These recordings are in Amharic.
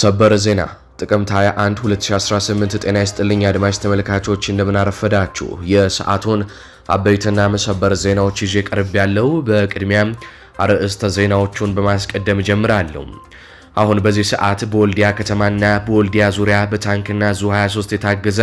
ሰበር ዜና ጥቅምት 21 2018። ጤና ይስጥልኝ አድማጭ ተመልካቾች እንደምናረፈዳችሁ የሰዓቱን አበይትና መሰበር ዜናዎች ይዤ ቀርብ ያለው። በቅድሚያም አርዕስተ ዜናዎቹን በማስቀደም ጀምራለሁ። አሁን በዚህ ሰዓት በወልዲያ ከተማና በወልዲያ ዙሪያ በታንክና ዙ 23 የታገዘ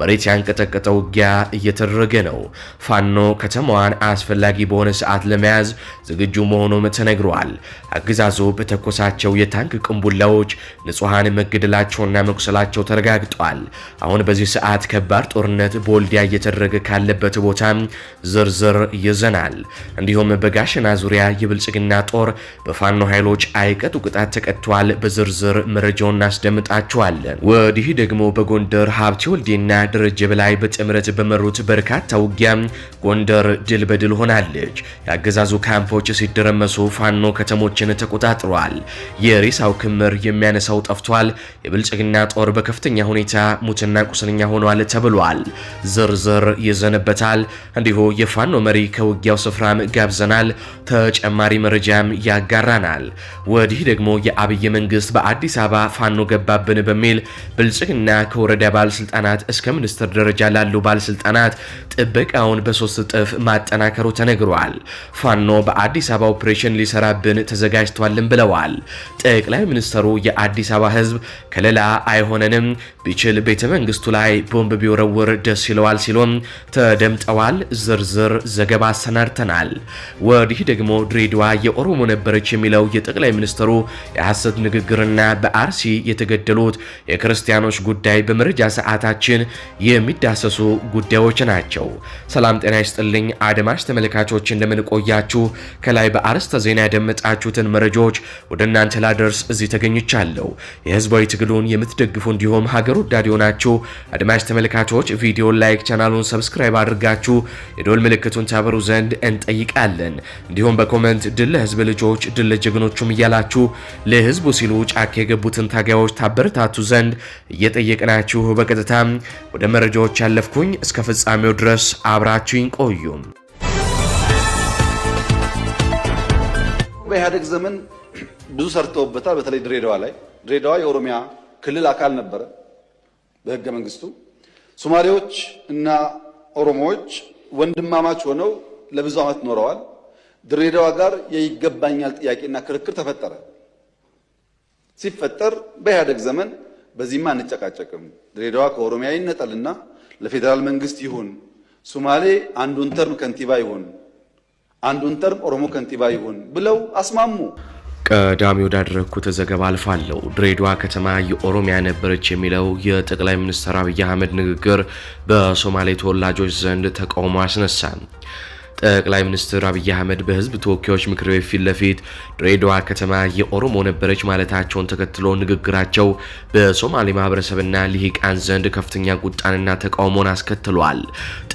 መሬት ያንቀጠቀጠ ውጊያ እየተደረገ ነው። ፋኖ ከተማዋን አስፈላጊ በሆነ ሰዓት ለመያዝ ዝግጁ መሆኑም ተነግሯል። አገዛዙ በተኮሳቸው የታንክ ቅንቡላዎች ንጹሐን መገደላቸውና መቁሰላቸው ተረጋግጧል። አሁን በዚህ ሰዓት ከባድ ጦርነት በወልዲያ እየተደረገ ካለበት ቦታ ዝርዝር ይዘናል። እንዲሁም በጋሸና ዙሪያ የብልጽግና ጦር በፋኖ ኃይሎች አይቀጡ ቅጣት ተቀ ተዘግቷል። በዝርዝር መረጃውን እናስደምጣችኋለን። ወዲህ ደግሞ በጎንደር ሀብቴ ወልዴና ደረጀ በላይ በጥምረት በመሩት በርካታ ውጊያ ጎንደር ድል በድል ሆናለች። የአገዛዙ ካምፖች ሲደረመሱ ፋኖ ከተሞችን ተቆጣጥሯል። የሬሳው ክምር የሚያነሳው ጠፍቷል። የብልጽግና ጦር በከፍተኛ ሁኔታ ሙትና ቁስለኛ ሆኗል ተብሏል። ዝርዝር ይዘንበታል። እንዲሁ የፋኖ መሪ ከውጊያው ስፍራም ጋብዘናል። ተጨማሪ መረጃም ያጋራናል። ወዲህ ደግሞ አብይ መንግስት በአዲስ አበባ ፋኖ ገባብን በሚል ብልጽግና ከወረዳ ባለስልጣናት እስከ ሚኒስትር ደረጃ ላሉ ባለስልጣናት ጥበቃውን በሶስት እጥፍ ማጠናከሩ ተነግሯል። ፋኖ በአዲስ አበባ ኦፕሬሽን ሊሰራብን ተዘጋጅቷልን ብለዋል። ጠቅላይ ሚኒስትሩ የአዲስ አበባ ህዝብ ከሌላ አይሆነንም ቢችል ቤተ መንግስቱ ላይ ቦምብ ቢወረውር ደስ ይለዋል ሲሉም ተደምጠዋል። ዝርዝር ዘገባ አሰናድተናል። ወዲህ ደግሞ ድሬዳዋ የኦሮሞ ነበረች የሚለው የጠቅላይ ሚኒስትሩ በሐሰት ንግግርና በአርሲ የተገደሉት የክርስቲያኖች ጉዳይ በመረጃ ሰዓታችን የሚዳሰሱ ጉዳዮች ናቸው። ሰላም ጤና ይስጥልኝ አድማጭ ተመልካቾች እንደምንቆያችሁ፣ ከላይ በአርስተ ዜና ያደመጣችሁትን መረጃዎች ወደ እናንተ ላደርስ እዚህ ተገኝቻለሁ። የህዝባዊ ትግሉን የምትደግፉ እንዲሁም ሀገር ወዳድ የሆናችሁ አድማጭ ተመልካቾች ቪዲዮ ላይክ፣ ቻናሉን ሰብስክራይብ አድርጋችሁ የዶል ምልክቱን ታበሩ ዘንድ እንጠይቃለን። እንዲሁም በኮመንት ድል ለህዝብ ልጆች ድል ለጀግኖቹም እያላችሁ ለህዝቡ ሲሉ ጫካ የገቡትን ታጋዮች ታበረታቱ ዘንድ እየጠየቅናችሁ በቀጥታ ወደ መረጃዎች ያለፍኩኝ። እስከ ፍጻሜው ድረስ አብራችሁኝ ቆዩ። በኢህአዴግ ዘመን ብዙ ሰርተውበታል። በተለይ ድሬዳዋ ላይ ድሬዳዋ የኦሮሚያ ክልል አካል ነበረ በህገ መንግስቱ። ሶማሌዎች እና ኦሮሞዎች ወንድማማች ሆነው ለብዙ ዓመት ኖረዋል። ድሬዳዋ ጋር የይገባኛል ጥያቄና ክርክር ተፈጠረ። ሲፈጠር በኢህአደግ ዘመን በዚህማ አንጨቃጨቅም፣ ድሬዳዋ ከኦሮሚያ ይነጠልና ለፌዴራል መንግስት ይሁን፣ ሶማሌ አንዱን ተርም ከንቲባ ይሁን፣ አንዱን ተርም ኦሮሞ ከንቲባ ይሁን ብለው አስማሙ። ቀዳሚ ወዳደረግኩት ዘገባ አልፋለሁ። ድሬዳዋ ከተማ የኦሮሚያ ነበረች የሚለው የጠቅላይ ሚኒስትር አብይ አህመድ ንግግር በሶማሌ ተወላጆች ዘንድ ተቃውሞ አስነሳ። ጠቅላይ ሚኒስትር አብይ አህመድ በህዝብ ተወካዮች ምክር ቤት ፊት ለፊት ድሬዳዋ ከተማ የኦሮሞ ነበረች ማለታቸውን ተከትሎ ንግግራቸው በሶማሌ ማህበረሰብና ሊሂቃን ዘንድ ከፍተኛ ቁጣንና ተቃውሞን አስከትሏል።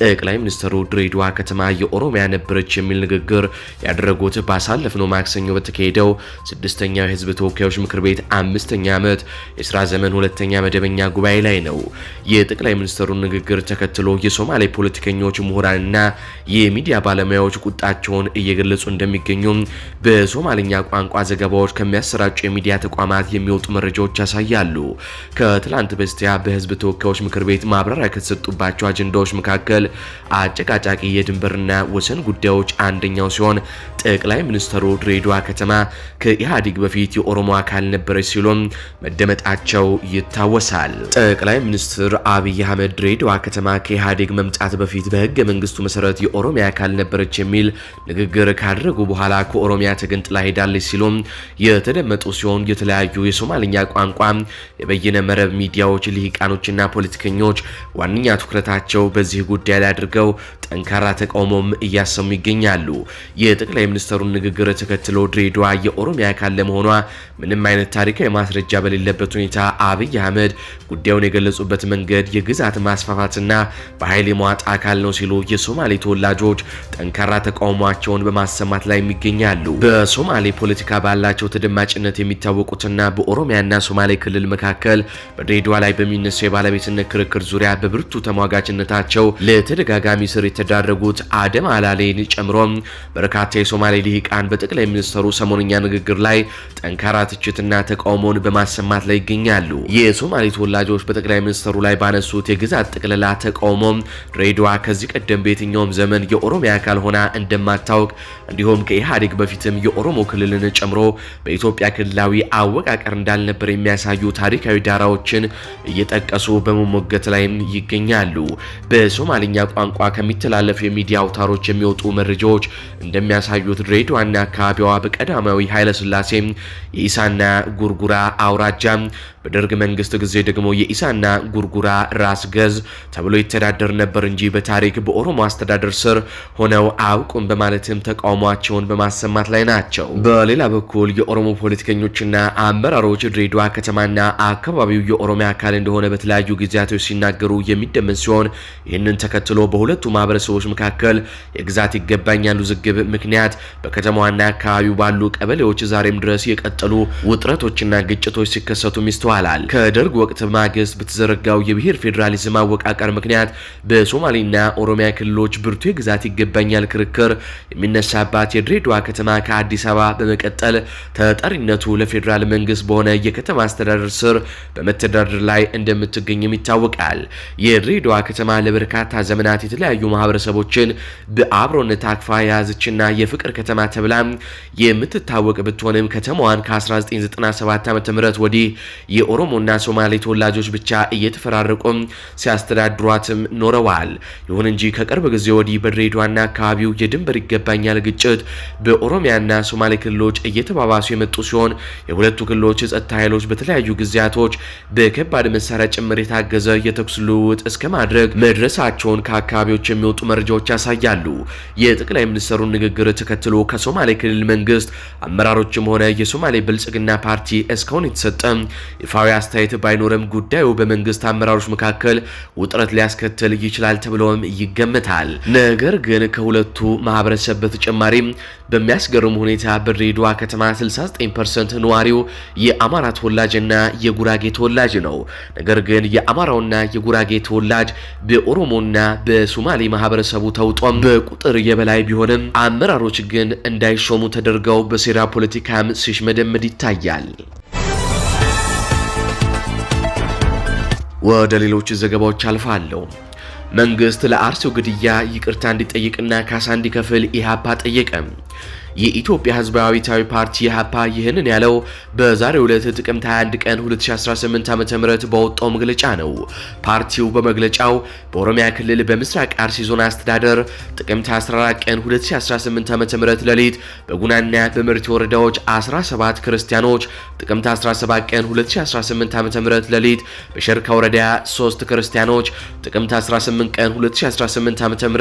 ጠቅላይ ሚኒስትሩ ድሬዳዋ ከተማ የኦሮሚያ ነበረች የሚል ንግግር ያደረጉት ባሳለፍነው ማክሰኞ በተካሄደው ስድስተኛው የህዝብ ተወካዮች ምክር ቤት አምስተኛ ዓመት የስራ ዘመን ሁለተኛ መደበኛ ጉባኤ ላይ ነው። የጠቅላይ ሚኒስትሩን ንግግር ተከትሎ የሶማሌ ፖለቲከኞች፣ ምሁራንና የሚዲያ ባለ ባለሙያዎች ቁጣቸውን እየገለጹ እንደሚገኙ በሶማልኛ ቋንቋ ዘገባዎች ከሚያሰራጩ የሚዲያ ተቋማት የሚወጡ መረጃዎች ያሳያሉ። ከትላንት በስቲያ በህዝብ ተወካዮች ምክር ቤት ማብራሪያ ከተሰጡባቸው አጀንዳዎች መካከል አጨቃጫቂ የድንበርና ወሰን ጉዳዮች አንደኛው ሲሆን ጠቅላይ ሚኒስትሩ ድሬዳዋ ከተማ ከኢህአዴግ በፊት የኦሮሞ አካል ነበረች ሲሉም መደመጣቸው ይታወሳል። ጠቅላይ ሚኒስትር አብይ አህመድ ድሬዳዋ ከተማ ከኢህአዴግ መምጣት በፊት በህገ መንግስቱ መሰረት የኦሮሚያ አካል ነበረች የሚል ንግግር ካደረጉ በኋላ ከኦሮሚያ ተገንጥላ ሄዳለች ሲሉም የተደመጡ ሲሆን የተለያዩ የሶማልኛ ቋንቋ የበይነ መረብ ሚዲያዎች ልሂቃኖችና ፖለቲከኞች ዋነኛ ትኩረታቸው በዚህ ጉዳይ ላይ አድርገው ጠንካራ ተቃውሞም እያሰሙ ይገኛሉ። የጠቅላይ ሚኒስትሩን ንግግር ተከትሎ ድሬዳዋ የኦሮሚያ አካል ለመሆኗ ምንም አይነት ታሪካዊ ማስረጃ በሌለበት ሁኔታ አብይ አህመድ ጉዳዩን የገለጹበት መንገድ የግዛት ማስፋፋትና በኃይል የመዋጥ አካል ነው ሲሉ የሶማሌ ተወላጆች ጠንካራ ተቃውሟቸውን በማሰማት ላይ ይገኛሉ። በሶማሌ ፖለቲካ ባላቸው ተደማጭነት የሚታወቁትና በኦሮሚያና ሶማሌ ክልል መካከል በድሬዳዋ ላይ በሚነሳው የባለቤትነት ክርክር ዙሪያ በብርቱ ተሟጋችነታቸው ለተደጋጋሚ ስር የተዳረጉት አደም አላሌን ጨምሮ በርካታ የሶማሌ ልሂቃን በጠቅላይ ሚኒስትሩ ሰሞንኛ ንግግር ላይ ጠንካራ ትችትና ተቃውሞን በማሰማት ላይ ይገኛሉ። የሶማሌ ተወላጆች በጠቅላይ ሚኒስትሩ ላይ ባነሱት የግዛት ጥቅልላ ተቃውሞ ድሬዳዋ ከዚህ ቀደም በየትኛውም ዘመን የኦሮሚያ አካል ሆና እንደማታውቅ እንዲሁም ከኢህአዴግ በፊትም የኦሮሞ ክልልን ጨምሮ በኢትዮጵያ ክልላዊ አወቃቀር እንዳልነበር የሚያሳዩ ታሪካዊ ዳራዎችን እየጠቀሱ በመሞገት ላይም ይገኛሉ። በሶማልኛ ቋንቋ ከሚተላለፉ የሚዲያ አውታሮች የሚወጡ መረጃዎች እንደሚያሳዩት ድሬዳዋና አካባቢዋ በቀዳማዊ ኃይለስላሴ የኢሳና ጉርጉራ አውራጃ በደርግ መንግስት ጊዜ ደግሞ የኢሳና ጉርጉራ ራስ ገዝ ተብሎ ይተዳደር ነበር እንጂ በታሪክ በኦሮሞ አስተዳደር ስር ሆነው አያውቁም በማለትም ተቃውሟቸውን በማሰማት ላይ ናቸው። በሌላ በኩል የኦሮሞ ፖለቲከኞችና አመራሮች ድሬዳዋ ከተማና አካባቢው የኦሮሚያ አካል እንደሆነ በተለያዩ ጊዜያቶች ሲናገሩ የሚደመን ሲሆን ይህንን ተከትሎ በሁለቱ ማህበረሰቦች መካከል የግዛት ይገባኛል ውዝግብ ምክንያት በከተማዋና አካባቢው ባሉ ቀበሌዎች ዛሬም ድረስ የቀጠሉ ውጥረቶችና ግጭቶች ሲከሰቱ ሚስተ ይስተዋላል። ከደርግ ወቅት ማግስት በተዘረጋው የብሔር ፌዴራሊዝም አወቃቀር ምክንያት በሶማሌና ኦሮሚያ ክልሎች ብርቱ የግዛት ይገባኛል ክርክር የሚነሳባት የድሬዳዋ ከተማ ከአዲስ አበባ በመቀጠል ተጠሪነቱ ለፌዴራል መንግስት በሆነ የከተማ አስተዳደር ስር በመተዳደር ላይ እንደምትገኝም ይታወቃል። የድሬዳዋ ከተማ ለበርካታ ዘመናት የተለያዩ ማህበረሰቦችን በአብሮነት አቅፋ የያዘችና የፍቅር ከተማ ተብላ የምትታወቅ ብትሆንም ከተማዋን ከ1997 ዓ ም ወዲህ የኦሮሞና ሶማሌ ተወላጆች ብቻ እየተፈራረቁም ሲያስተዳድሯትም ኖረዋል። ይሁን እንጂ ከቅርብ ጊዜ ወዲህ በድሬዳዋና አካባቢው የድንበር ይገባኛል ግጭት በኦሮሚያና ሶማሌ ክልሎች እየተባባሱ የመጡ ሲሆን የሁለቱ ክልሎች የጸጥታ ኃይሎች በተለያዩ ጊዜያቶች በከባድ መሳሪያ ጭምር የታገዘ የተኩስ ልውውጥ እስከ ማድረግ መድረሳቸውን ከአካባቢዎች የሚወጡ መረጃዎች ያሳያሉ። የጠቅላይ ሚኒስትሩን ንግግር ተከትሎ ከሶማሌ ክልል መንግስት አመራሮችም ሆነ የሶማሌ ብልጽግና ፓርቲ እስካሁን የተሰጠ ይፋዊ አስተያየት ባይኖርም ጉዳዩ በመንግስት አመራሮች መካከል ውጥረት ሊያስከትል ይችላል ተብለውም ይገመታል። ነገር ግን ከሁለቱ ማህበረሰብ በተጨማሪም በሚያስገርም ሁኔታ በድሬዳዋ ከተማ 69% ነዋሪው የአማራ ተወላጅና የጉራጌ ተወላጅ ነው። ነገር ግን የአማራውና የጉራጌ ተወላጅ በኦሮሞና በሶማሌ ማህበረሰቡ ተውጦም በቁጥር የበላይ ቢሆንም አመራሮች ግን እንዳይሾሙ ተደርገው በሴራ ፖለቲካም ሲሽመደመድ ይታያል። ወደ ሌሎች ዘገባዎች አልፋለሁ። መንግስት ለአርሲው ግድያ ይቅርታ እንዲጠይቅና ካሳ እንዲከፍል ኢህአፓ ጠየቀ። የኢትዮጵያ ህዝባዊታዊ ፓርቲ ኢህአፓ ይህንን ያለው በዛሬው ዕለት ጥቅምት 21 ቀን 2018 ዓ.ም በወጣው መግለጫ ነው። ፓርቲው በመግለጫው በኦሮሚያ ክልል በምስራቅ አርሲ ዞን አስተዳደር ጥቅምት 14 ቀን 2018 ዓ.ም ሌሊት በጉናና በምርት ወረዳዎች 17 ክርስቲያኖች፣ ጥቅምት 17 ቀን 2018 ዓ.ም ሌሊት በሸርካ ወረዳ 3 ክርስቲያኖች፣ ጥቅምት 18 ቀን 2018 ዓ.ም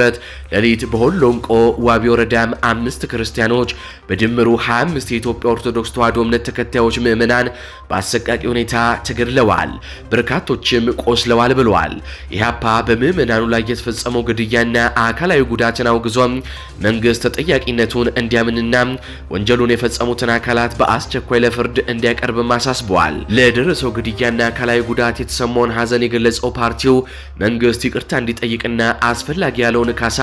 ሌሊት በሆሎንቆ ዋቢ ወረዳም አምስት ክርስቲያኖች ክርስቲያኖች በድምሩ 25 የኢትዮጵያ ኦርቶዶክስ ተዋሕዶ እምነት ተከታዮች ምዕመናን በአሰቃቂ ሁኔታ ተገድለዋል፣ በርካቶችም ቆስለዋል ብለዋል። ኢህአፓ በምዕመናኑ ላይ የተፈጸመው ግድያና አካላዊ ጉዳትን አውግዞ መንግስት ተጠያቂነቱን እንዲያምንና ወንጀሉን የፈጸሙትን አካላት በአስቸኳይ ለፍርድ እንዲያቀርብም አሳስበዋል። ለደረሰው ግድያና አካላዊ ጉዳት የተሰማውን ሀዘን የገለጸው ፓርቲው መንግስት ይቅርታ እንዲጠይቅና አስፈላጊ ያለውን ካሳ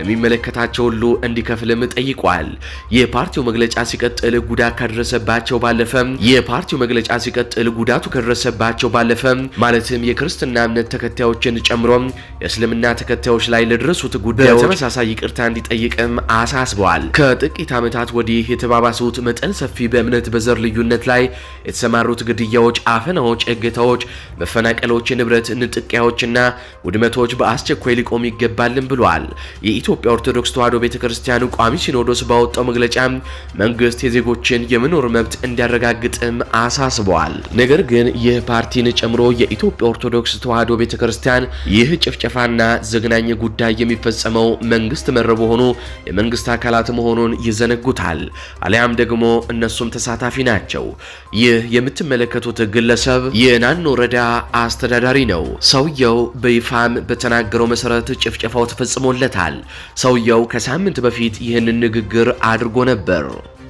ለሚመለከታቸው ሁሉ እንዲከፍልም ጠይቋል። የፓርቲው መግለጫ ሲቀጥል ጉዳት ከደረሰባቸው ባለፈ የፓርቲው መግለጫ ሲቀጥል ጉዳቱ ከደረሰባቸው ባለፈ ማለትም የክርስትና እምነት ተከታዮችን ጨምሮ የእስልምና ተከታዮች ላይ ለደረሱት ጉዳዮች በተመሳሳይ ይቅርታ እንዲጠይቅም አሳስበዋል። ከጥቂት ዓመታት ወዲህ የተባባሱት መጠን ሰፊ በእምነት በዘር ልዩነት ላይ የተሰማሩት ግድያዎች፣ አፈናዎች፣ እገታዎች፣ መፈናቀሎች፣ ንብረት ንጥቂያዎችና ውድመቶች በአስቸኳይ ሊቆም ይገባልን ብሏል። የኢትዮጵያ ኦርቶዶክስ ተዋሕዶ ቤተክርስቲያን ቋሚ ሲኖዶስ ባወጣው ባወጣው መግለጫ መንግስት የዜጎችን የመኖር መብት እንዲያረጋግጥም አሳስበዋል። ነገር ግን ይህ ፓርቲን ጨምሮ የኢትዮጵያ ኦርቶዶክስ ተዋሕዶ ቤተክርስቲያን ይህ ጭፍጨፋና ዘግናኝ ጉዳይ የሚፈጸመው መንግስት መር በሆኑ የመንግስት አካላት መሆኑን ይዘነጉታል፣ አሊያም ደግሞ እነሱም ተሳታፊ ናቸው። ይህ የምትመለከቱት ግለሰብ የናኖ ወረዳ አስተዳዳሪ ነው። ሰውየው በይፋም በተናገረው መሰረት ጭፍጨፋው ተፈጽሞለታል። ሰውየው ከሳምንት በፊት ይህንን ንግግር አድርጎ ነበር።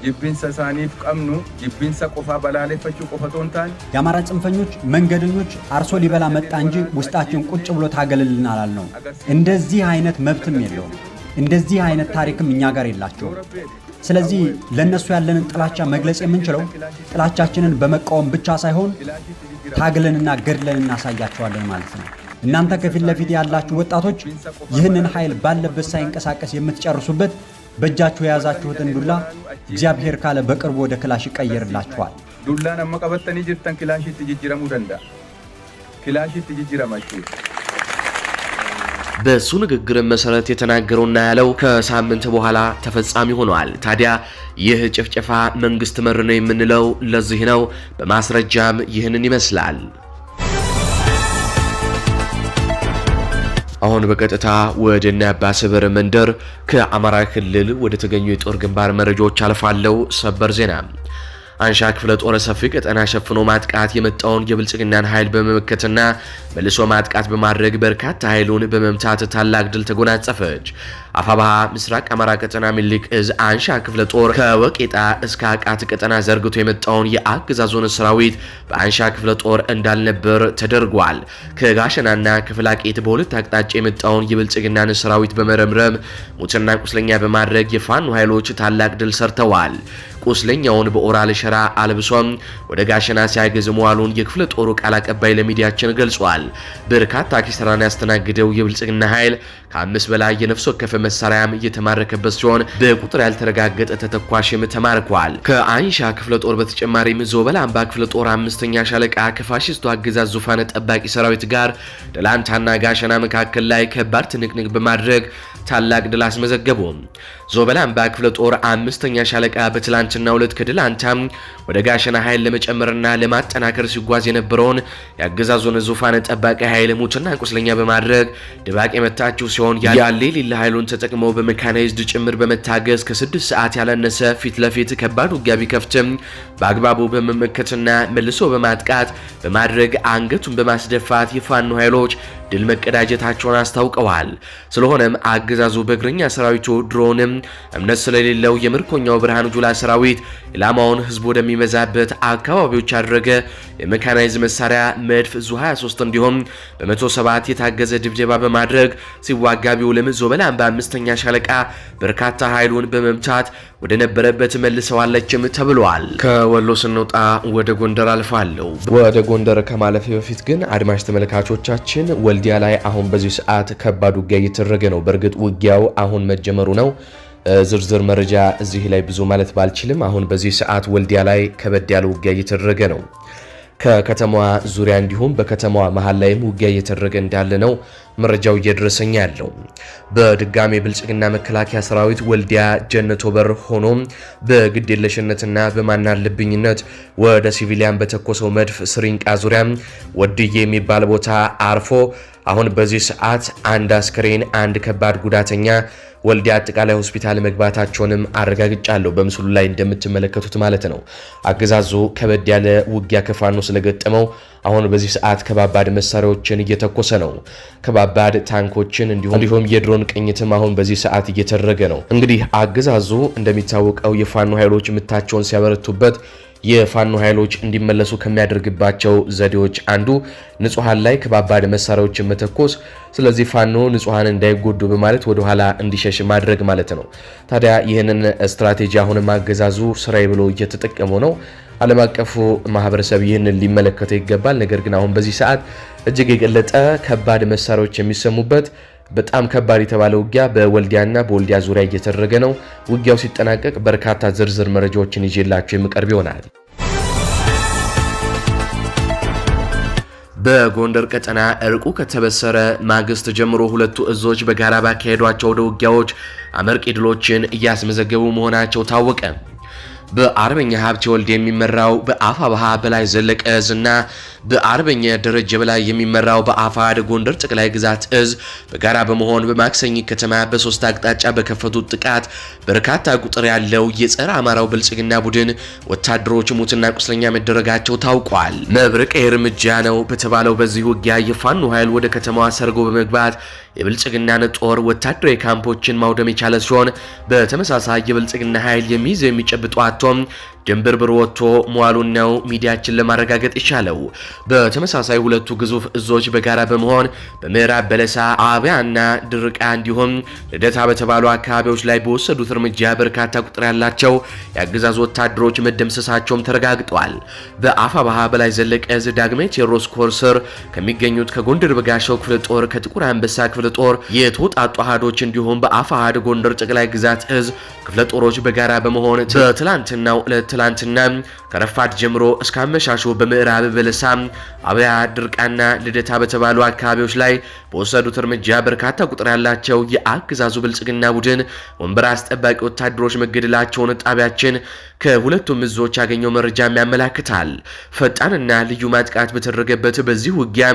ጅቢንሰ ሳኒፍ ቀምኑ ጅቢንሰ በላሌ በላለፈች ቆፈቶንታን የአማራ ጽንፈኞች መንገደኞች አርሶ ሊበላ መጣ እንጂ ውስጣችን ቁጭ ብሎ ታገልልን አላል ነው። እንደዚህ አይነት መብትም የለውም። እንደዚህ አይነት ታሪክም እኛ ጋር የላቸውም። ስለዚህ ለእነሱ ያለንን ጥላቻ መግለጽ የምንችለው ጥላቻችንን በመቃወም ብቻ ሳይሆን ታግለንና ገድለን እናሳያቸዋለን ማለት ነው። እናንተ ከፊት ለፊት ያላችሁ ወጣቶች ይህንን ኃይል ባለበት ሳይንቀሳቀስ የምትጨርሱበት በእጃችሁ የያዛችሁትን ዱላ እግዚአብሔር ካለ በቅርቡ ወደ ክላሽ ይቀየርላችኋል። ዱላ ነመ ቀበተኒ ጅርተን ክላሽ ትጅጅረሙ ደንዳ ክላሽ ትጅጅረማችሁ በሱ ንግግር መሰረት የተናገረውና ያለው ከሳምንት በኋላ ተፈጻሚ ሆኗል። ታዲያ ይህ ጭፍጨፋ መንግስት መር ነው የምንለው ለዚህ ነው። በማስረጃም ይህንን ይመስላል። አሁን በቀጥታ ወደ እነ አባ ሰበር መንደር ከአማራ ክልል ወደ ተገኙ የጦር ግንባር መረጃዎች አልፋለው። ሰበር ዜና አንሻ ክፍለ ጦር ሰፊ ቀጠና ሸፍኖ ማጥቃት የመጣውን የብልጽግናን ኃይል በመመከትና መልሶ ማጥቃት በማድረግ በርካታ ኃይሉን በመምታት ታላቅ ድል ተጎናጸፈች። አፋባሃ ምስራቅ አማራ ቀጠና ሚኒሊክ እዝ አንሻ ክፍለ ጦር ከወቄጣ እስከ አቃት ቀጠና ዘርግቶ የመጣውን የአገዛዙን ሰራዊት በአንሻ ክፍለ ጦር እንዳልነበር ተደርጓል። ከጋሸናና ክፍላቄት በሁለት አቅጣጫ የመጣውን የብልጽግናን ሰራዊት በመረምረም ሙትና ቁስለኛ በማድረግ የፋኑ ኃይሎች ታላቅ ድል ሰርተዋል። ቁስለኛውን በኦራል ሸራ አልብሶም ወደ ጋሸና ሲያገዝ መዋሉን የክፍለ ጦሩ ቃል አቀባይ ለሚዲያችን ገልጿል። በርካታ ኪሳራን ያስተናግደው የብልጽግና ኃይል ከአምስት በላይ የነፍስ ወከፍ መሳሪያም እየተማረከበት ሲሆን በቁጥር ያልተረጋገጠ ተተኳሽም ተማርኳል። ከአንሻ ክፍለ ጦር በተጨማሪም ዞበል አምባ ክፍለ ጦር አምስተኛ ሻለቃ ከፋሽስቱ አገዛዝ ዙፋን ጠባቂ ሰራዊት ጋር ደላንታና ጋሸና መካከል ላይ ከባድ ትንቅንቅ በማድረግ ታላቅ ድል አስመዘገቡ። ዞበል አምባ ክፍለ ጦር አምስተኛ ሻለቃ በትላንትና ሁለት ከደላንታ ወደ ጋሸና ኃይል ለመጨመርና ለማጠናከር ሲጓዝ የነበረውን የአገዛዙን ዙፋን ጠባቂ ኃይል ሙትና ቁስለኛ በማድረግ ድባቅ የመታችው ሲሆን ያሌ ሌላ ኃይሉን ተጠቅሞ በሜካናይዝድ ጭምር በመታገዝ ከስድስት ሰዓት ያላነሰ ፊት ለፊት ከባድ ውጊያ ቢከፍትም በአግባቡ በመመከትና መልሶ በማጥቃት በማድረግ አንገቱን በማስደፋት የፋኖ ኃይሎች ድል መቀዳጀታቸውን አስታውቀዋል። ስለሆነም አገዛዙ በእግረኛ ሰራዊቱ ድሮንም እምነት ስለሌለው የምርኮኛው ብርሃኑ ጁላ ሰራዊት ኢላማውን ህዝብ ወደሚበዛበት አካባቢዎች አድረገ የመካናይዝ መሳሪያ መድፍ ዙ 23 እንዲሁም በ107 የታገዘ ድብደባ በማድረግ ሲዋጋ ቢውልም ዞበላን በአምስተኛ ሻለቃ በርካታ ኃይሉን በመምታት ወደ ነበረበት መልሰዋለችም ተብሏል። ከወሎ ስንወጣ ወደ ጎንደር አልፋለሁ። ወደ ጎንደር ከማለፌ በፊት ግን አድማጭ ተመልካቾቻችን ወልዲያ ላይ አሁን በዚህ ሰዓት ከባድ ውጊያ እየተደረገ ነው። በእርግጥ ውጊያው አሁን መጀመሩ ነው። ዝርዝር መረጃ እዚህ ላይ ብዙ ማለት ባልችልም አሁን በዚህ ሰዓት ወልዲያ ላይ ከበድ ያለ ውጊያ እየተደረገ ነው። ከከተማዋ ዙሪያ እንዲሁም በከተማዋ መሀል ላይም ውጊያ እየተደረገ እንዳለ ነው መረጃው እየደረሰኝ ያለው። በድጋሚ ብልጽግና መከላከያ ሰራዊት ወልዲያ ጀነቶ በር ሆኖ በግዴለሽነትና በማናለብኝነት ወደ ሲቪሊያን በተኮሰው መድፍ ስሪንቃ ዙሪያ ወድዬ የሚባል ቦታ አርፎ አሁን በዚህ ሰዓት አንድ አስክሬን፣ አንድ ከባድ ጉዳተኛ ወልዲያ አጠቃላይ ሆስፒታል መግባታቸውንም አረጋግጫለሁ። በምስሉ ላይ እንደምትመለከቱት ማለት ነው። አገዛዙ ከበድ ያለ ውጊያ ከፋኖ ስለገጠመው አሁን በዚህ ሰዓት ከባባድ መሳሪያዎችን እየተኮሰ ነው። ከባባድ ታንኮችን እንዲሁም የድሮን ቅኝትም አሁን በዚህ ሰዓት እየተደረገ ነው። እንግዲህ አገዛዙ እንደሚታወቀው የፋኖ ኃይሎች ምታቸውን ሲያበረቱበት የፋኖ ኃይሎች እንዲመለሱ ከሚያደርግባቸው ዘዴዎች አንዱ ንጹሐን ላይ ከባባድ መሳሪያዎችን መተኮስ፣ ስለዚህ ፋኖ ንጹሐን እንዳይጎዱ በማለት ወደ ኋላ እንዲሸሽ ማድረግ ማለት ነው። ታዲያ ይህንን ስትራቴጂ አሁንም አገዛዙ ስራዬ ብሎ እየተጠቀሙ ነው። ዓለም አቀፉ ማህበረሰብ ይህንን ሊመለከተው ይገባል። ነገር ግን አሁን በዚህ ሰዓት እጅግ የገለጠ ከባድ መሳሪያዎች የሚሰሙበት በጣም ከባድ የተባለ ውጊያ በወልዲያና በወልዲያ ዙሪያ እየተደረገ ነው። ውጊያው ሲጠናቀቅ በርካታ ዝርዝር መረጃዎችን ይዤላቸው የሚቀርብ ይሆናል። በጎንደር ቀጠና እርቁ ከተበሰረ ማግስት ጀምሮ ሁለቱ እዞች በጋራ ባካሄዷቸው ወደ ውጊያዎች አመርቂ ድሎችን እያስመዘገቡ መሆናቸው ታወቀ። በአርበኛ ሀብት ወልድ የሚመራው በአፋብኃ በላይ ዘለቀ እዝና በአርበኛ ደረጀ በላይ የሚመራው በአፋሕድ ጎንደር ጠቅላይ ግዛት እዝ በጋራ በመሆን በማክሰኝ ከተማ በሶስት አቅጣጫ በከፈቱት ጥቃት በርካታ ቁጥር ያለው የጸረ አማራው ብልጽግና ቡድን ወታደሮች ሙትና ቁስለኛ መደረጋቸው ታውቋል። መብረቅ እርምጃ ነው በተባለው በዚህ ውጊያ የፋኖ ኃይል ወደ ከተማዋ ሰርጎ በመግባት የብልጽግናን ጦር ወታደራዊ ካምፖችን ማውደም የቻለ ሲሆን በተመሳሳይ የብልጽግና ኃይል የሚይዘው የሚጨብጠው አቶም። ድንብርብር ወጥቶ መዋሉን ነው ሚዲያችን ለማረጋገጥ የቻለው። በተመሳሳይ ሁለቱ ግዙፍ እዞች በጋራ በመሆን በምዕራብ በለሳ አብያና ድርቃ እንዲሁም ልደታ በተባሉ አካባቢዎች ላይ በወሰዱት እርምጃ በርካታ ቁጥር ያላቸው የአገዛዙ ወታደሮች መደምሰሳቸውም ተረጋግጧል። በአፋባሃ በላይ ዘለቀ ዕዝ ዳግማዊ ቴዎድሮስ ኮር ስር ከሚገኙት ከጎንደር በጋሻው ክፍለ ጦር፣ ከጥቁር አንበሳ ክፍለ ጦር የተውጣጡ አሃዶች እንዲሁም በአፋሃድ ጎንደር ጠቅላይ ግዛት እዝ ክፍለ ጦሮች በጋራ በመሆን በትላንትናው ዕለት ትላንትና ከረፋት ጀምሮ እስከ አመሻሹ በምዕራብ በለሳ፣ አብያ፣ ድርቃና ልደታ በተባሉ አካባቢዎች ላይ በወሰዱት እርምጃ በርካታ ቁጥር ያላቸው የአገዛዙ ብልጽግና ቡድን ወንበር አስጠባቂ ወታደሮች መገደላቸውን ጣቢያችን ከሁለቱም እዞች ያገኘው መረጃም ያመላክታል። ፈጣንና ልዩ ማጥቃት በተደረገበት በዚህ ውጊያ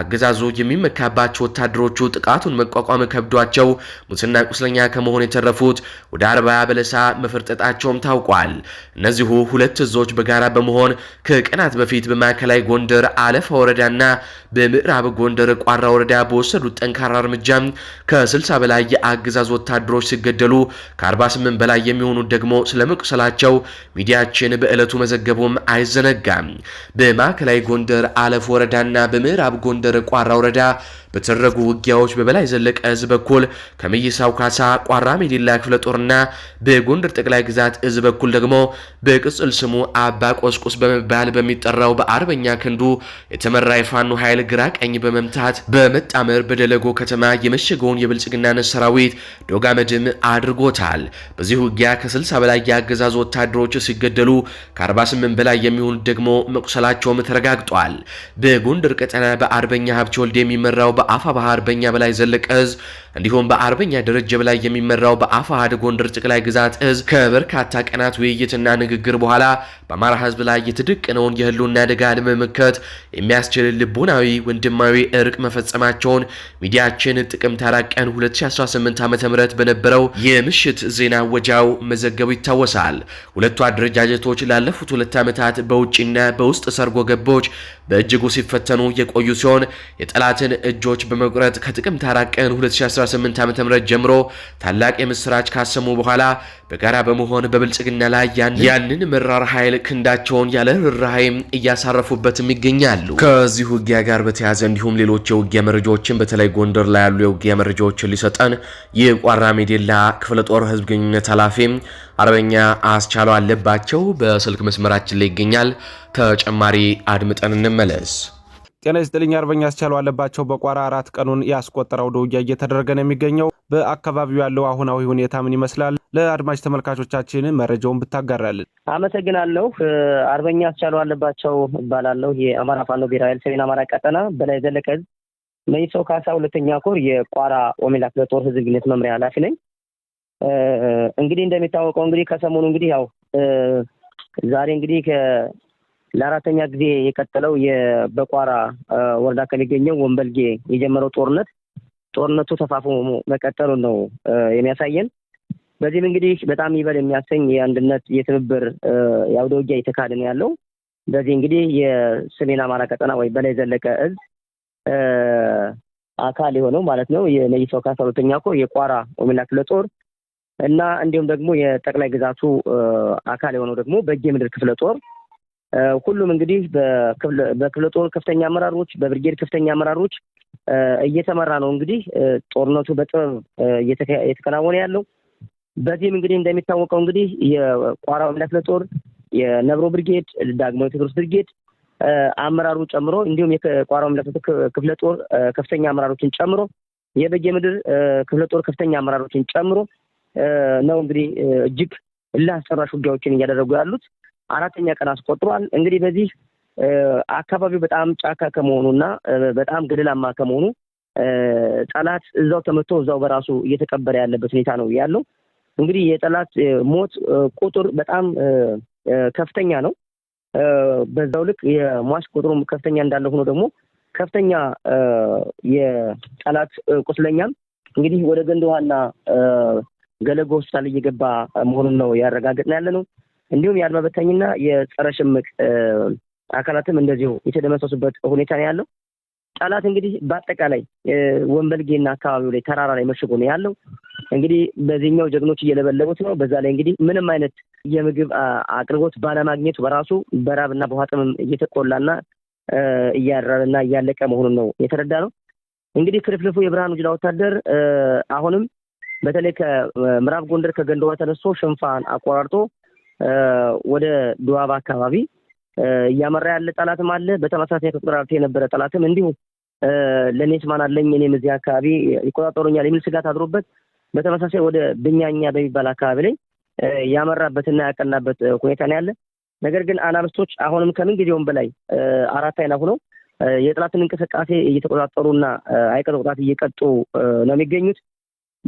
አገዛዙ የሚመካባቸው ወታደሮቹ ጥቃቱን መቋቋም ከብዷቸው ሙስና ቁስለኛ ከመሆን የተረፉት ወደ አርባ በለሳ መፈርጠጣቸውም ታውቋል። እነዚሁ ሁለት እዞች በጋራ በመሆን ከቀናት በፊት በማዕከላዊ ጎንደር አለፋ ወረዳና በምዕራብ ጎንደር ቋራ ወረዳ በወሰዱት ጠንካራ እርምጃ ከ60 በላይ የአገዛዝ ወታደሮች ሲገደሉ ከ48 በላይ የሚሆኑት ደግሞ ስለመቁሰላቸው ሚዲያችን በዕለቱ መዘገቡም አይዘነጋም። በማዕከላዊ ጎንደር አለፍ ወረዳና በምዕራብ ጎንደር ቋራ ወረዳ በተደረጉ ውጊያዎች በበላይ ዘለቀ እዝ በኩል ከመይሳው ካሳ ቋራ ሜዲላ ክፍለ ጦርና በጎንደር ጠቅላይ ግዛት እዝ በኩል ደግሞ በቅጽል ስሙ አባ ቆስቁስ በመባል በሚጠራው በአርበኛ ክንዱ የተመራ የፋኖ ኃይል ግራ ቀኝ በመምታት በመጣ በመጣመር በደለጎ ከተማ የመሸገውን የብልጽግናን ሰራዊት ዶጋመድም አድርጎታል። በዚህ ውጊያ ከ60 በላይ የአገዛዝ ወታደሮች ሲገደሉ ከ48 በላይ የሚሆኑት ደግሞ መቁሰላቸውም ተረጋግጧል። በጎንደር ቀጠና በአርበኛ ሀብቸወልድ ወልድ የሚመራው በአፋ ባህር በኛ በላይ ዘለቀዝ እንዲሁም በአርበኛ ደረጀ በላይ የሚመራው በአፋሃድ ጎንደር ጠቅላይ ግዛት እዝ ከበርካታ ቀናት ውይይትና ንግግር በኋላ በአማራ ህዝብ ላይ የተደቀነውን የህልውና አደጋ ለመመከት የሚያስችል ልቦናዊ ወንድማዊ እርቅ መፈጸማቸውን ሚዲያችን ጥቅምት አራት ቀን 2018 ዓ ም በነበረው የምሽት ዜና ወጃው መዘገቡ ይታወሳል። ሁለቱ አደረጃጀቶች ላለፉት ሁለት ዓመታት በውጭና በውስጥ ሰርጎ ገቦች በእጅጉ ሲፈተኑ የቆዩ ሲሆን የጠላትን እጆች በመቁረጥ ከጥቅምት አራት ቀን 2018 ከ2018 ዓ ም ጀምሮ ታላቅ የምስራች ካሰሙ በኋላ በጋራ በመሆን በብልጽግና ላይ ያንን መራር ኃይል ክንዳቸውን ያለ ርኅራኄም እያሳረፉበትም ይገኛሉ። ከዚህ ውጊያ ጋር በተያዘ እንዲሁም ሌሎች የውጊያ መረጃዎችን በተለይ ጎንደር ላይ ያሉ የውጊያ መረጃዎችን ሊሰጠን የቋራ ሜዴላ ክፍለ ጦር ህዝብ ግንኙነት ኃላፊ አርበኛ አስቻለው አለባቸው በስልክ መስመራችን ላይ ይገኛል። ተጨማሪ አድምጠን እንመለስ። ጤና ይስጥልኝ አርበኛ አስቻለው አለባቸው በቋራ አራት ቀኑን ያስቆጠረው ውጊያ እየተደረገ ነው የሚገኘው። በአካባቢው ያለው አሁናዊ ሁኔታ ምን ይመስላል? ለአድማጭ ተመልካቾቻችን መረጃውን ብታጋራልን። አመሰግናለሁ። አርበኛ አስቻለው አለባቸው እባላለሁ። የአማራ ፋኖ ብሔራዊ ኃይል ሰሜን አማራ ቀጠና በላይ ዘለቀ ህዝብ መይሶ ካሳ ሁለተኛ ኮር የቋራ ኦሜላ ክፍለ ጦር ህዝብ ግንኙነት መምሪያ ኃላፊ ነኝ። እንግዲህ እንደሚታወቀው እንግዲህ ከሰሞኑ እንግዲህ ያው ዛሬ እንግዲህ ለአራተኛ ጊዜ የቀጠለው የበቋራ ወረዳ ከሚገኘው ወንበልጌ የጀመረው ጦርነት ጦርነቱ ተፋፍሞ መቀጠሉን ነው የሚያሳየን። በዚህም እንግዲህ በጣም ይበል የሚያሰኝ የአንድነት የትብብር የአውደ ውጊያ እየተካሄደ ነው ያለው። በዚህ እንግዲህ የሰሜን አማራ ቀጠና ወይ በላይ ዘለቀ እዝ አካል የሆነው ማለት ነው የመይሰው ከአስራ ሁለተኛ ኮር የቋራ ኦሜላ ክፍለ ጦር እና እንዲሁም ደግሞ የጠቅላይ ግዛቱ አካል የሆነው ደግሞ በጌ ምድር ክፍለ ጦር ሁሉም እንግዲህ በክፍለ ጦር ከፍተኛ አመራሮች፣ በብርጌድ ከፍተኛ አመራሮች እየተመራ ነው እንግዲህ ጦርነቱ በጥበብ እየተከናወነ ያለው። በዚህም እንግዲህ እንደሚታወቀው እንግዲህ የቋራው ክፍለ ጦር የነብሮ ብርጌድ፣ ዳግማዊ ቴዎድሮስ ብርጌድ አመራሩ ጨምሮ እንዲሁም የቋራው ክፍለ ጦር ከፍተኛ አመራሮችን ጨምሮ የበጌ ምድር ክፍለ ጦር ከፍተኛ አመራሮችን ጨምሮ ነው እንግዲህ እጅግ እልህ አስጨራሽ ውጊያዎችን እያደረጉ ያሉት። አራተኛ ቀን አስቆጥሯል። እንግዲህ በዚህ አካባቢው በጣም ጫካ ከመሆኑ እና በጣም ገደላማ ከመሆኑ ጠላት እዛው ተመቶ እዛው በራሱ እየተቀበረ ያለበት ሁኔታ ነው ያለው። እንግዲህ የጠላት ሞት ቁጥር በጣም ከፍተኛ ነው። በዛው ልክ የሟች ቁጥሩም ከፍተኛ እንዳለ ሆኖ ደግሞ ከፍተኛ የጠላት ቁስለኛም እንግዲህ ወደ ገንደ ውሃና ገለጎ ሆስፒታል እየገባ መሆኑን ነው ነው ያለ ነው። እንዲሁም የአድማ በታኝና የጸረ ሽምቅ አካላትም እንደዚሁ የተደመሰሱበት ሁኔታ ነው ያለው። ጠላት እንግዲህ በአጠቃላይ ወንበልጌና አካባቢው ላይ ተራራ ላይ መሽጎ ነው ያለው። እንግዲህ በዚህኛው ጀግኖች እየለበለቡት ነው። በዛ ላይ እንግዲህ ምንም አይነት የምግብ አቅርቦት ባለማግኘቱ በራሱ በራብና እየተቆላ ና እየተቆላና ና እያለቀ መሆኑን ነው የተረዳ ነው። እንግዲህ ክልፍልፉ የብርሃኑ ጅላ ወታደር አሁንም በተለይ ከምዕራብ ጎንደር ከገንደዋ ተነስቶ ሽንፋን አቆራርጦ ወደ ድዋባ አካባቢ እያመራ ያለ ጠላትም አለ። በተመሳሳይ ተቆራርቶ የነበረ ጠላትም እንዲሁ ለእኔስ አለኝ እኔም እዚህ አካባቢ ይቆጣጠሩኛል የሚል ስጋት አድሮበት በተመሳሳይ ወደ ብኛኛ በሚባል አካባቢ ላይ ያመራበትና ያቀናበት ሁኔታ ነው ያለ። ነገር ግን አናብስቶች አሁንም ከምን ጊዜውም በላይ አራት አይና ሆነው የጠላትን እንቅስቃሴ እየተቆጣጠሩና አይቀጥ ቁጣት እየቀጡ ነው የሚገኙት።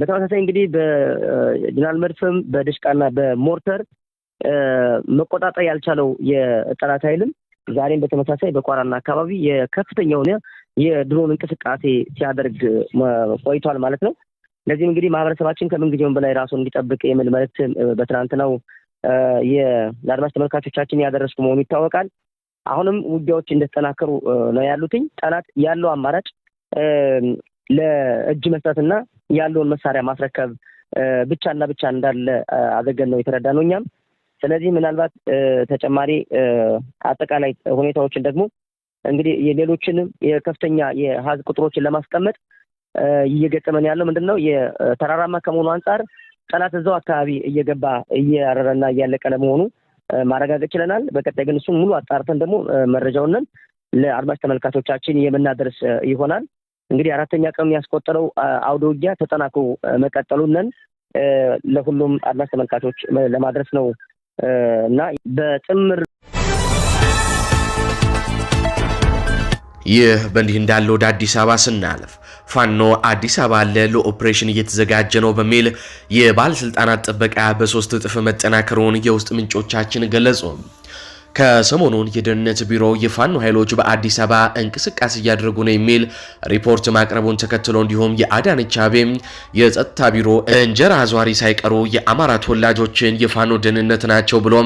በተመሳሳይ እንግዲህ በድናል መድፍም በድሽቃና በሞርተር መቆጣጠር ያልቻለው የጠላት ኃይልም ዛሬም በተመሳሳይ በቋራና አካባቢ የከፍተኛ የሆነ የድሮን እንቅስቃሴ ሲያደርግ ቆይቷል ማለት ነው። ለዚህም እንግዲህ ማህበረሰባችን ከምንጊዜውም በላይ ራሱን እንዲጠብቅ የሚል መልእክት በትናንትናው ለአድማጭ ተመልካቾቻችን ያደረስኩ መሆኑ ይታወቃል። አሁንም ውጊያዎች እንደተጠናከሩ ነው ያሉትኝ። ጠላት ያለው አማራጭ ለእጅ መስጠትና ያለውን መሳሪያ ማስረከብ ብቻና ብቻ እንዳለ አድርገን ነው የተረዳ ነው እኛም ስለዚህ ምናልባት ተጨማሪ አጠቃላይ ሁኔታዎችን ደግሞ እንግዲህ የሌሎችንም የከፍተኛ የሀዝ ቁጥሮችን ለማስቀመጥ እየገጠመን ያለው ምንድን ነው? የተራራማ ከመሆኑ አንጻር ጠላት እዛው አካባቢ እየገባ እየረረና እያለቀ ለመሆኑ ማረጋገጥ ችለናል። በቀጣይ ግን እሱም ሙሉ አጣርተን ደግሞ መረጃውንን ለአድማጭ ተመልካቾቻችን የምናደርስ ይሆናል። እንግዲህ አራተኛ ቀኑን ያስቆጠረው አውደ ውጊያ ተጠናክሮ መቀጠሉን ለሁሉም አድማጭ ተመልካቾች ለማድረስ ነው እና በጥምር ይህ በእንዲህ እንዳለ ወደ አዲስ አበባ ስናልፍ ፋኖ አዲስ አበባ አለ ለኦፕሬሽን እየተዘጋጀ ነው በሚል የባለስልጣናት ጥበቃ በሶስት እጥፍ መጠናከሩን የውስጥ ምንጮቻችን ገለጹ። ከሰሞኑን የደህንነት ቢሮ የፋኖ ኃይሎች በአዲስ አበባ እንቅስቃሴ እያደረጉ ነው የሚል ሪፖርት ማቅረቡን ተከትሎ እንዲሁም የአዳነች አቤቤ የጸጥታ ቢሮ እንጀራ አዟሪ ሳይቀሩ የአማራ ተወላጆችን የፋኖ ደህንነት ናቸው ብሎ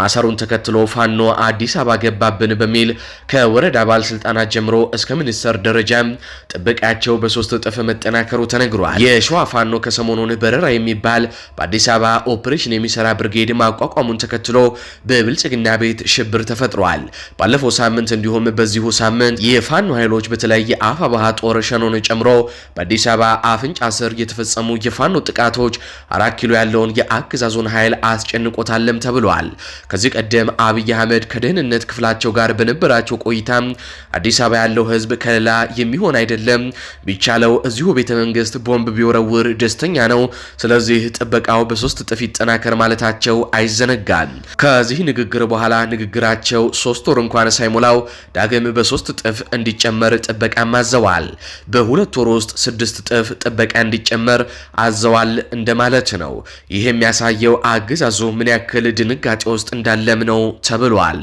ማሰሩን ተከትሎ ፋኖ አዲስ አበባ ገባብን በሚል ከወረዳ ባለስልጣናት ጀምሮ እስከ ሚኒስተር ደረጃ ጥበቃቸው በሶስት እጥፍ መጠናከሩ ተነግሯል። የሸዋ ፋኖ ከሰሞኑን በረራ የሚባል በአዲስ አበባ ኦፕሬሽን የሚሰራ ብርጌድ ማቋቋሙን ተከትሎ በብልጽግና ቤት ሽብር ተፈጥሯል። ባለፈው ሳምንት እንዲሁም በዚሁ ሳምንት የፋኖ ኃይሎች በተለያየ አፋባሃ ጦር ሸኖን ጨምሮ በአዲስ አበባ አፍንጫ ስር የተፈጸሙ የፋኖ ጥቃቶች አራት ኪሎ ያለውን የአገዛዙን ኃይል አስጨንቆታለም ተብሏል። ከዚህ ቀደም አብይ አህመድ ከደህንነት ክፍላቸው ጋር በነበራቸው ቆይታ አዲስ አበባ ያለው ህዝብ ከሌላ የሚሆን አይደለም፣ ቢቻለው እዚሁ ቤተ መንግስት ቦምብ ቢወረውር ደስተኛ ነው፣ ስለዚህ ጥበቃው በሶስት እጥፍ ይጠናከር ማለታቸው አይዘነጋል። ከዚህ ንግግር በኋላ ንግግራቸው ሶስት ወር እንኳን ሳይሞላው ዳግም በሶስት እጥፍ እንዲጨመር ጥበቃ አዘዋል። በሁለት ወር ውስጥ ስድስት እጥፍ ጥበቃ እንዲጨመር አዘዋል እንደማለት ነው። ይህ የሚያሳየው አገዛዙ ምን ያክል ድንጋጤ ውስጥ እንዳለም ነው ተብሏል።